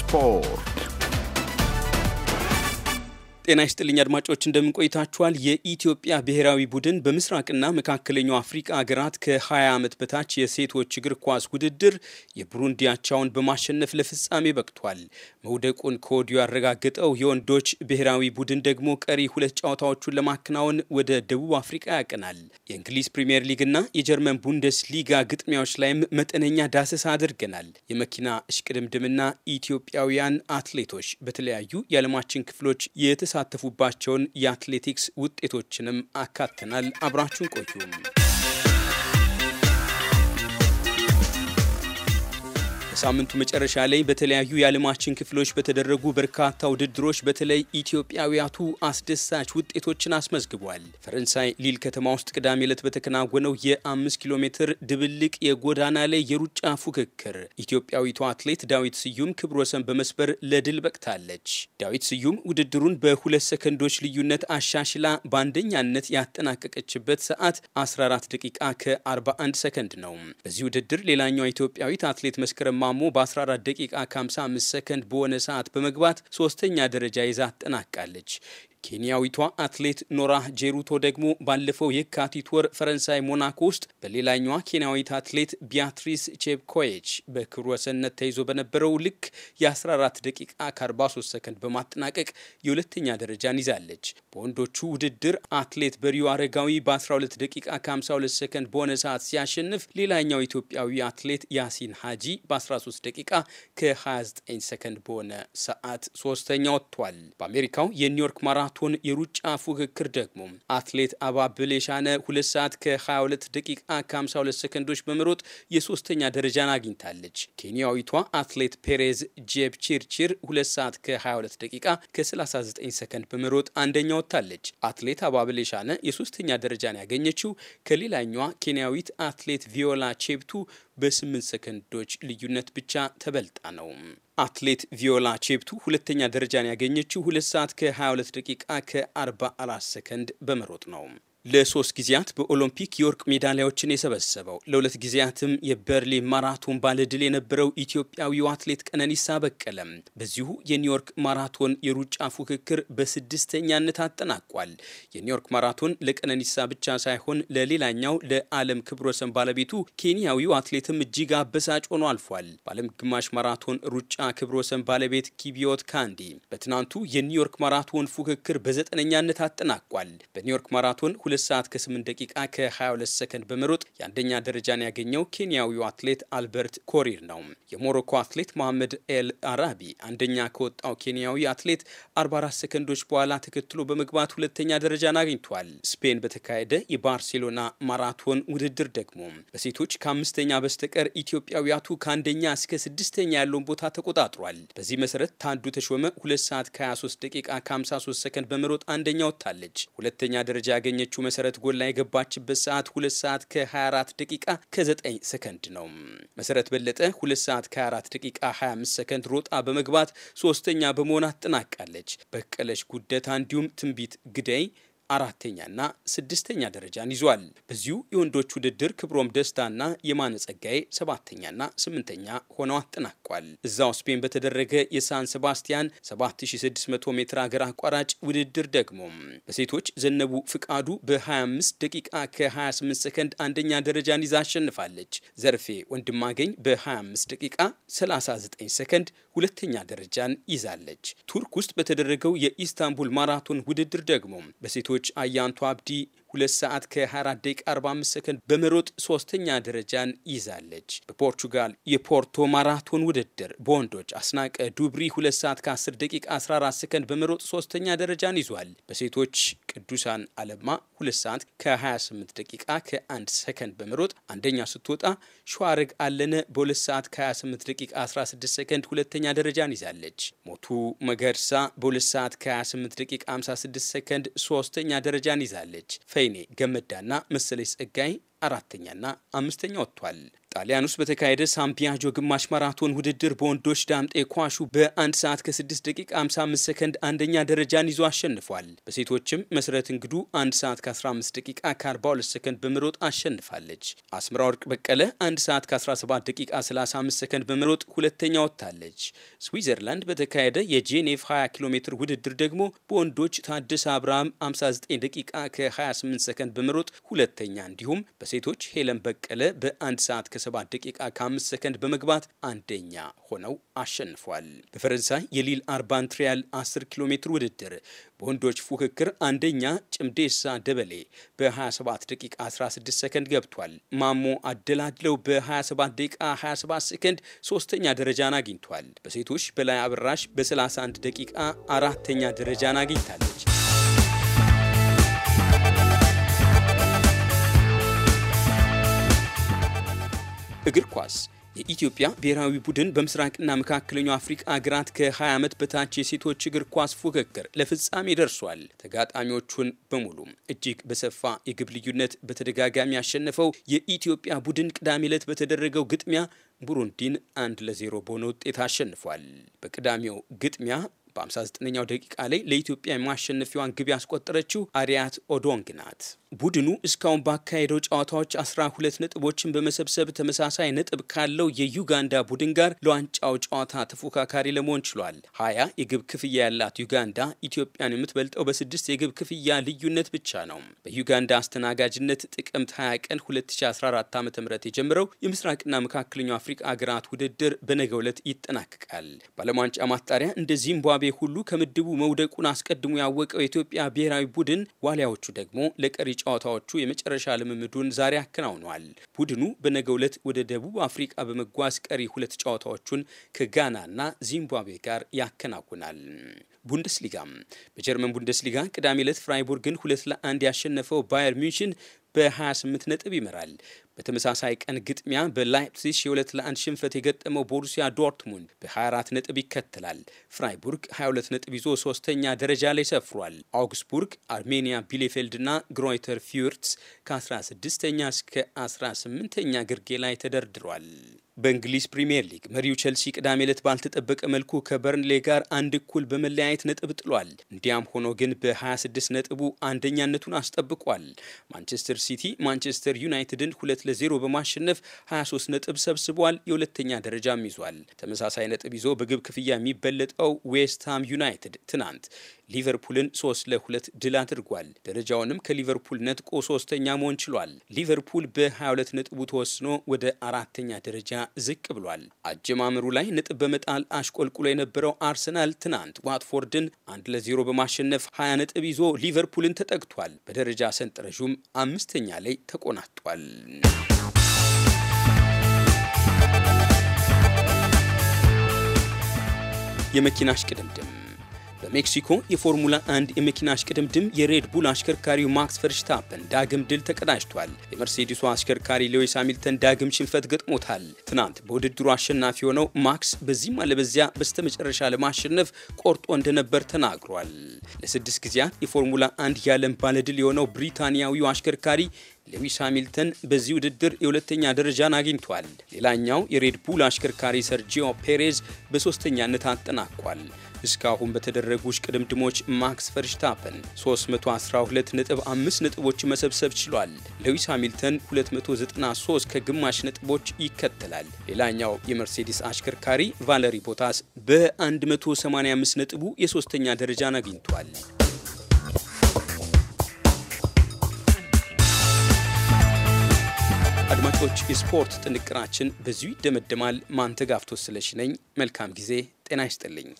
spor. ጤና ይስጥልኝ አድማጮች እንደምንቆይታችኋል። የኢትዮጵያ ብሔራዊ ቡድን በምስራቅና መካከለኛው አፍሪቃ ሀገራት ከ20 ዓመት በታች የሴቶች እግር ኳስ ውድድር የቡሩንዲ አቻውን በማሸነፍ ለፍጻሜ በቅቷል። መውደቁን ከወዲሁ ያረጋገጠው የወንዶች ብሔራዊ ቡድን ደግሞ ቀሪ ሁለት ጨዋታዎቹን ለማከናወን ወደ ደቡብ አፍሪቃ ያቀናል። የእንግሊዝ ፕሪምየር ሊግና የጀርመን ቡንደስ ሊጋ ግጥሚያዎች ላይም መጠነኛ ዳሰሳ አድርገናል። የመኪና እሽቅድምድምና ኢትዮጵያውያን አትሌቶች በተለያዩ የዓለማችን ክፍሎች የተሳ የሚሳተፉባቸውን የአትሌቲክስ ውጤቶችንም አካተናል። አብራችሁን ቆዩም በሳምንቱ መጨረሻ ላይ በተለያዩ የዓለማችን ክፍሎች በተደረጉ በርካታ ውድድሮች በተለይ ኢትዮጵያውያቱ አስደሳች ውጤቶችን አስመዝግቧል። ፈረንሳይ ሊል ከተማ ውስጥ ቅዳሜ ዕለት በተከናወነው የአምስት ኪሎ ሜትር ድብልቅ የጎዳና ላይ የሩጫ ፉክክር ኢትዮጵያዊቷ አትሌት ዳዊት ስዩም ክብረ ወሰን በመስበር ለድል በቅታለች። ዳዊት ስዩም ውድድሩን በሁለት ሰከንዶች ልዩነት አሻሽላ በአንደኛነት ያጠናቀቀችበት ሰዓት 14 ደቂቃ ከ41 ሰከንድ ነው። በዚህ ውድድር ሌላኛዋ ኢትዮጵያዊት አትሌት መስከረም ማሞ በ14 ደቂቃ ከ55 ሰከንድ በሆነ ሰዓት በመግባት ሶስተኛ ደረጃ ይዛ አጠናቃለች። ኬንያዊቷ አትሌት ኖራ ጄሩቶ ደግሞ ባለፈው የካቲት ወር ፈረንሳይ ሞናኮ ውስጥ በሌላኛዋ ኬንያዊት አትሌት ቢያትሪስ ቼፕኮች በክብረ ወሰንነት ተይዞ በነበረው ልክ የ14 ደቂቃ ከ43 ሰከንድ በማጠናቀቅ የሁለተኛ ደረጃን ይዛለች። በወንዶቹ ውድድር አትሌት በሪዮ አረጋዊ በ12 ደቂቃ ከ52 ሰከንድ በሆነ ሰዓት ሲያሸንፍ፣ ሌላኛው ኢትዮጵያዊ አትሌት ያሲን ሀጂ በ13 ደቂቃ ከ29 ሰከንድ በሆነ ሰዓት ሶስተኛ ወጥቷል። በአሜሪካው የኒውዮርክ ማራ ማራቶን የሩጫ ፉክክር ደግሞ አትሌት አባብል የሻነ 2 ሰዓት ከ22 ደቂቃ ከ52 ሰከንዶች በመሮጥ የሶስተኛ ደረጃን አግኝታለች። ኬንያዊቷ አትሌት ፔሬዝ ቺርቺር 2 ሰዓት ከ22 ደቂቃ ከ39 ሰከንድ በመሮጥ አንደኛ ወጥታለች። አትሌት አባብል የሻነ የሶስተኛ ደረጃን ያገኘችው ከሌላኛዋ ኬንያዊት አትሌት ቪዮላ ቼፕቱ በስምንት ሰከንዶች ልዩነት ብቻ ተበልጣ ነው። አትሌት ቪዮላ ቼፕቱ ሁለተኛ ደረጃን ያገኘችው ሁለት ሰዓት ከ22 ደቂቃ ከ44 ሰከንድ በመሮጥ ነው። ለሶስት ጊዜያት በኦሎምፒክ የወርቅ ሜዳሊያዎችን የሰበሰበው ለሁለት ጊዜያትም የበርሊን ማራቶን ባለድል የነበረው ኢትዮጵያዊው አትሌት ቀነኒሳ በቀለም በዚሁ የኒውዮርክ ማራቶን የሩጫ ፉክክር በስድስተኛነት አጠናቋል። የኒውዮርክ ማራቶን ለቀነኒሳ ብቻ ሳይሆን ለሌላኛው ለዓለም ክብረ ወሰን ባለቤቱ ኬንያዊው አትሌትም እጅግ አበሳጭ ሆኖ አልፏል። በዓለም ግማሽ ማራቶን ሩጫ ክብረ ወሰን ባለቤት ኪቢዮት ካንዲ በትናንቱ የኒውዮርክ ማራቶን ፉክክር በዘጠነኛነት አጠናቋል። በኒውዮርክ ማራቶን ሁለት ሰዓት ከ8 ደቂቃ ከ22 ሰከንድ በመሮጥ የአንደኛ ደረጃን ያገኘው ኬንያዊው አትሌት አልበርት ኮሪር ነው። የሞሮኮ አትሌት መሐመድ ኤል አራቢ አንደኛ ከወጣው ኬንያዊ አትሌት 44 ሰከንዶች በኋላ ተከትሎ በመግባት ሁለተኛ ደረጃን አግኝቷል። ስፔን በተካሄደ የባርሴሎና ማራቶን ውድድር ደግሞ በሴቶች ከአምስተኛ በስተቀር ኢትዮጵያዊያቱ ከአንደኛ እስከ ስድስተኛ ያለውን ቦታ ተቆጣጥሯል። በዚህ መሰረት ታዱ ተሾመ ሁለት ሰዓት ከ23 ደቂቃ ከ53 ሰከንድ በመሮጥ አንደኛ ወጥታለች። ሁለተኛ ደረጃ ያገኘችው በውጤቱ መሰረት ጎላ የገባችበት ሰዓት 2 ሰዓት ከ24 ደቂቃ ከ9 ሰከንድ ነው። መሰረት በለጠ 2 ሰዓት ከ24 ደቂቃ 25 ሰከንድ ሮጣ በመግባት ሶስተኛ በመሆን አጠናቃለች። በቀለች ጉደታ እንዲሁም ትንቢት ግደይ አራተኛና ስድስተኛ ደረጃን ይዟል። በዚሁ የወንዶች ውድድር ክብሮም ደስታና የማነ ጸጋዬ ሰባተኛና ስምንተኛ ሆነው አጠናቋል። እዛው ስፔን በተደረገ የሳን ሴባስቲያን 7600 ሜትር ሀገር አቋራጭ ውድድር ደግሞ በሴቶች ዘነቡ ፍቃዱ በ25 ደቂቃ ከ28 ሰከንድ አንደኛ ደረጃን ይዛ አሸንፋለች። ዘርፌ ወንድማገኝ በ25 ደቂቃ 39 ሰከንድ ሁለተኛ ደረጃን ይዛለች። ቱርክ ውስጥ በተደረገው የኢስታንቡል ማራቶን ውድድር ደግሞ በሴቶች አያንቱ አብዲ ሁለት ሰዓት ከ24 ደቂቃ 45 ሰከንድ በመሮጥ ሶስተኛ ደረጃን ይዛለች። በፖርቹጋል የፖርቶ ማራቶን ውድድር በወንዶች አስናቀ ዱብሪ 2 ሰዓት ከ10 ደቂቃ 14 ሰከንድ በመሮጥ ሶስተኛ ደረጃን ይዟል። በሴቶች ቅዱሳን አለማ 2 ሰዓት ከ28 ደቂቃ ከ1 ሰከንድ በመሮጥ አንደኛ ስትወጣ ሸዋረግ አለነ በሁለት ሰዓት ከ28 ደቂቃ 16 ሰከንድ ሁለተኛ ደረጃን ይዛለች። ሞቱ መገርሳ በሁለት ሰዓት ከ28 ደቂቃ 56 ሰከንድ ሶስተኛ ደረጃን ይዛለች። ተይኔ ገመዳና መሰለች ጸጋይ አራተኛና አምስተኛ ወጥቷል። ጣሊያን ውስጥ በተካሄደ ሳምፒያጆ ግማሽ ማራቶን ውድድር በወንዶች ዳምጤ ኳሹ በአንድ ሰዓት ከ6 ደቂቃ 55 ሰከንድ አንደኛ ደረጃን ይዞ አሸንፏል። በሴቶችም መሰረት እንግዱ 1 ሰዓት ከ15 ደቂቃ ከ42 ሰከንድ በመሮጥ አሸንፋለች። አስምራ ወርቅ በቀለ 1 ሰዓት ከ17 ደቂቃ 35 ሰከንድ በመሮጥ ሁለተኛ ወጥታለች። ስዊዘርላንድ በተካሄደ የጄኔቭ 20 ኪሎ ሜትር ውድድር ደግሞ በወንዶች ታደሰ አብርሃም 59 ደቂቃ ከ28 ሰከንድ በመሮጥ ሁለተኛ እንዲሁም ሴቶች ሄለን በቀለ በአንድ ሰዓት ከሰባት ደቂቃ ከአምስት ሰከንድ በመግባት አንደኛ ሆነው አሸንፏል። በፈረንሳይ የሊል አርባንትሪያል 10 ኪሎ ሜትር ውድድር በወንዶች ፉክክር አንደኛ ጭምዴሳ ደበሌ በ27 ደቂቃ 16 ሰከንድ ገብቷል። ማሞ አደላድለው በ27 ደቂቃ 27 ሰከንድ ሶስተኛ ደረጃን አግኝቷል። በሴቶች በላይ አብራሽ በ31 ደቂቃ አራተኛ ደረጃን አግኝታለች። እግር ኳስ የኢትዮጵያ ብሔራዊ ቡድን በምስራቅና መካከለኛው አፍሪካ ሀገራት ከ20 ዓመት በታች የሴቶች እግር ኳስ ፉክክር ለፍጻሜ ደርሷል። ተጋጣሚዎቹን በሙሉ እጅግ በሰፋ የግብ ልዩነት በተደጋጋሚ ያሸነፈው የኢትዮጵያ ቡድን ቅዳሜ ዕለት በተደረገው ግጥሚያ ቡሩንዲን አንድ ለዜሮ በሆነ ውጤት አሸንፏል። በቅዳሜው ግጥሚያ በ59ኛው ደቂቃ ላይ ለኢትዮጵያ የማሸነፊዋን ግብ ያስቆጠረችው አሪያት ኦዶንግ ናት። ቡድኑ እስካሁን ባካሄደው ጨዋታዎች 12 ነጥቦችን በመሰብሰብ ተመሳሳይ ነጥብ ካለው የዩጋንዳ ቡድን ጋር ለዋንጫው ጨዋታ ተፎካካሪ ለመሆን ችሏል። ሀያ የግብ ክፍያ ያላት ዩጋንዳ ኢትዮጵያን የምትበልጠው በስድስት የግብ ክፍያ ልዩነት ብቻ ነው። በዩጋንዳ አስተናጋጅነት ጥቅምት 20 ቀን 2014 ዓ ም የጀመረው የምስራቅና መካከለኛው አፍሪካ አገራት ውድድር በነገው ዕለት ይጠናቀቃል። በዓለም ዋንጫ ማጣሪያ እንደ ዚምባብዌ ዝንባቤ ሁሉ ከምድቡ መውደቁን አስቀድሞ ያወቀው የኢትዮጵያ ብሔራዊ ቡድን ዋሊያዎቹ ደግሞ ለቀሪ ጨዋታዎቹ የመጨረሻ ልምምዱን ዛሬ አከናውነዋል። ቡድኑ በነገው ዕለት ወደ ደቡብ አፍሪቃ በመጓዝ ቀሪ ሁለት ጨዋታዎቹን ከጋናና ዚምባብዌ ጋር ያከናውናል። ቡንደስሊጋ በጀርመን ቡንደስሊጋ ቅዳሜ ዕለት ፍራይቡርግን ሁለት ለአንድ ያሸነፈው ባየር ሚንሽን በ28 ነጥብ ይመራል። በተመሳሳይ ቀን ግጥሚያ በላይፕሲሽ የ2 ለ1 ሽንፈት የገጠመው ቦሩሲያ ዶርትሙንድ በ24 ነጥብ ይከተላል። ፍራይቡርግ 22 ነጥብ ይዞ ሶስተኛ ደረጃ ላይ ሰፍሯል። አውግስቡርግ፣ አርሜኒያ ቢሌፌልድ እና ግሮይተር ፊዩርትስ ከ16ኛ እስከ 18ኛ ግርጌ ላይ ተደርድሯል። በእንግሊዝ ፕሪምየር ሊግ መሪው ቸልሲ ቅዳሜ ዕለት ባልተጠበቀ መልኩ ከበርንሌ ጋር አንድ እኩል በመለያየት ነጥብ ጥሏል። እንዲያም ሆኖ ግን በ26 ነጥቡ አንደኛነቱን አስጠብቋል። ማንቸስተር ሲቲ ማንቸስተር ዩናይትድን 2 ለ 0 በማሸነፍ 23 ነጥብ ሰብስቧል። የሁለተኛ ደረጃም ይዟል። ተመሳሳይ ነጥብ ይዞ በግብ ክፍያ የሚበለጠው ዌስትሃም ዩናይትድ ትናንት ሊቨርፑልን ሶስት ለሁለት ድል አድርጓል። ደረጃውንም ከሊቨርፑል ነጥቆ ሶስተኛ መሆን ችሏል። ሊቨርፑል በ22 ነጥቡ ተወስኖ ወደ አራተኛ ደረጃ ዝቅ ብሏል። አጀማመሩ ላይ ነጥብ በመጣል አሽቆልቁሎ የነበረው አርሰናል ትናንት ዋትፎርድን አንድ 0 በማሸነፍ 20 ነጥብ ይዞ ሊቨርፑልን ተጠግቷል። በደረጃ ሰንጠረዡም አምስተኛ ላይ ተቆናጧል። የመኪና እሽቅድምድም በሜክሲኮ የፎርሙላ አንድ የመኪና አሽቅድምድም የሬድቡል አሽከርካሪው ማክስ ፈርሽታፕን ዳግም ድል ተቀዳጅቷል። የመርሴዲሱ አሽከርካሪ ሌዊስ ሃሚልተን ዳግም ሽንፈት ገጥሞታል። ትናንት በውድድሩ አሸናፊ የሆነው ማክስ በዚህም አለበዚያ በስተመጨረሻ ለማሸነፍ ቆርጦ እንደነበር ተናግሯል። ለስድስት ጊዜያት የፎርሙላ አንድ የዓለም ባለድል የሆነው ብሪታንያዊው አሽከርካሪ ሌዊስ ሃሚልተን በዚህ ውድድር የሁለተኛ ደረጃን አግኝቷል። ሌላኛው የሬድቡል አሽከርካሪ ሰርጂዮ ፔሬዝ በሦስተኛነት አጠናቋል። እስካሁን በተደረጉ ቅድምድሞች ማክስ ፈርሽታፐን 5 ነጥቦች መሰብሰብ ችሏል። ሌዊስ ሃሚልተን 293 ከግማሽ ነጥቦች ይከተላል። ሌላኛው የመርሴዲስ አሽከርካሪ ቫለሪ ቦታስ በ185 ነጥቡ የሦስተኛ ደረጃን አግኝቷል። አድማጮች፣ የስፖርት ጥንቅናችን በዚሁ ይደመደማል። ማንተጋፍቶ ስለሽነኝ መልካም ጊዜ። ጤና ይስጥልኝ።